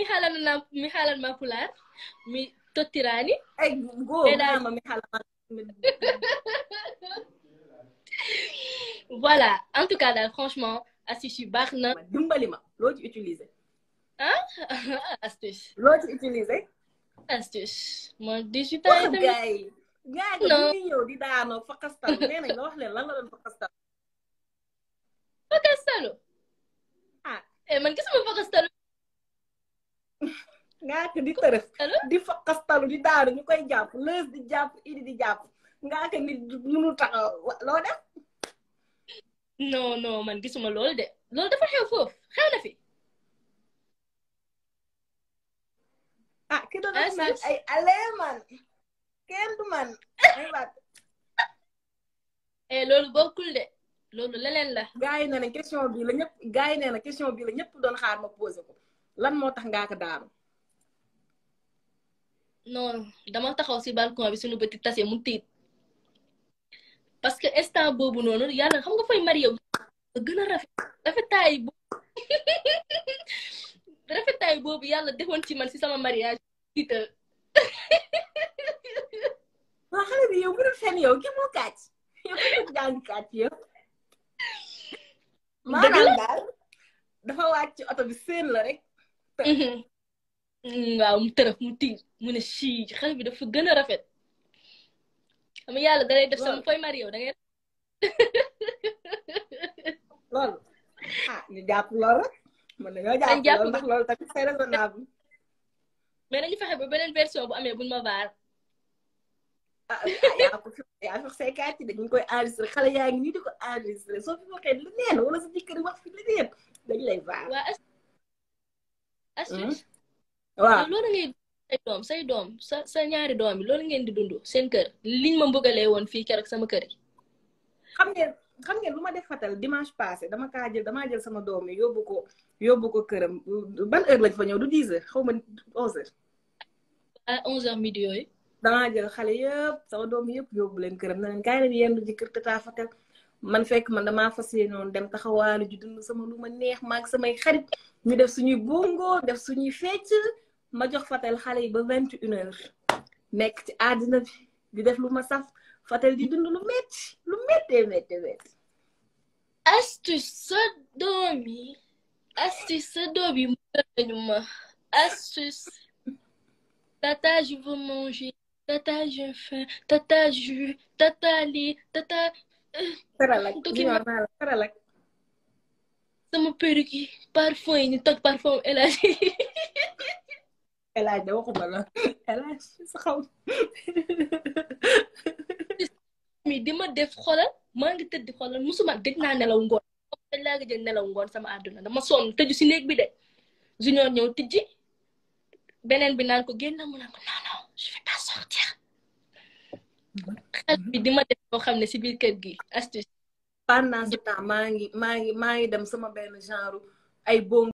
mi haalanana mi mi tottirani ay gooama mi haalama voilà en tout cas daal franchement astuce yu baax na dimbali ma loo ci utiliser ah astuce loo ci utiliser astuce mon digital gaay gaay ñi ñëw di daanoo fakastal nee nañ la wax leen lan la doon fakastal fakastalu ah eh, man ngaaka di tërëf di faqastalu di daanu ñu koy jàpp lës di jàpp idi di jàpp ngaaka nit mënul taxaw loo def non non man gisuma loolu de loolu dafa xew foofu xew na fi ah ki doon ah, ay alee man kenn du man ay baat eh loolu de loolu leneen la gars yi nee na question bi la ñëpp gars nee na question bi la ñëpp doon xaar ma posé ko lan moo tax ngaaka daanu non dama taxaw si balcon bi suñu bëti tase mu tiit parce que instant boobu noonu yàlla xam nga fay marié wu gën a rafet rafetaay boobu yàlla defoon ci man si sama mariage tiital waa xale bi yow bu fen yow ki moo kàcc yow bu daan kàcc yow maanaam daal dafa wàcc oto bi seen la rek mm-hmm. waaw mu tërëf mu tiir mu ne sii xale bi dafa gën a rafet xam nga yàlla da lay def sama fooy mari yow da ngay. loolu ah ñu jàpp loolu rek mën nañoo jàpp loolu ndax loolu tamit c'est raisonnable. mais nañu fexe ba beneen version bu amee buñ ma vaar. Ah, ah, ah yaa ko fi yaa fex say kàcc dañu koy enregistré xale yaa ngi nii di ko enregistré soo fi waxee lu neen wala sa jëkkër wax fi lu neen dañu lay vaar. waaw hmm? waaw loolu ngay say doom say doom sa sa ñaari doom yi loolu ngeen di dund seen kër liñ ma mbugalee woon fii keroog sama kër yi xam ngeen xam ngeen lu ma def fatal dimanche passé dama kaa jël damaa jël sama doom yi yóbbu ko yóbbu ko këram ban heure lañ fa ñëw du dix heures xaw ma onze heures à onze midi yooyu damaa jël xale yëpp sama doom yëpp yóbbu leen këram na leen kaay leen yendu ji kër tata fatal man fekk man damaa fas yéenoon dem taxawaalu ji dund sama lu ma neex maag samay xarit ñu def suñuy bongo def suñuy fecc ma jox Fatel xale yi ba vingt une heure nekk ci àddina bi di def lu ma saf Fatel di dund lu metti lu méttee métti métti astu sa doom yi sa doom yi mënañu ma astu tata je veux manger tata j'ai faim tata ju tata li tata faralak euh. faralak sama perruque parfum yi ñu toj parfum élage El Hadj de waxuma la El Hadj xam. di ma def xoolal maa ngi tëdd xoolal musuma dëgg naa nelaw ngoon dañ ngoon sama àdduna dama sonn tëju ci néeg bi de junior ñëw tijji beneen bi naan ko génn mu naan ko non non pas sortir xel bi di ma def koo xam ne si biir kër gi astuce pendant ce temps maa ngi maa ngi maa ngi dem sama benn genre ay bon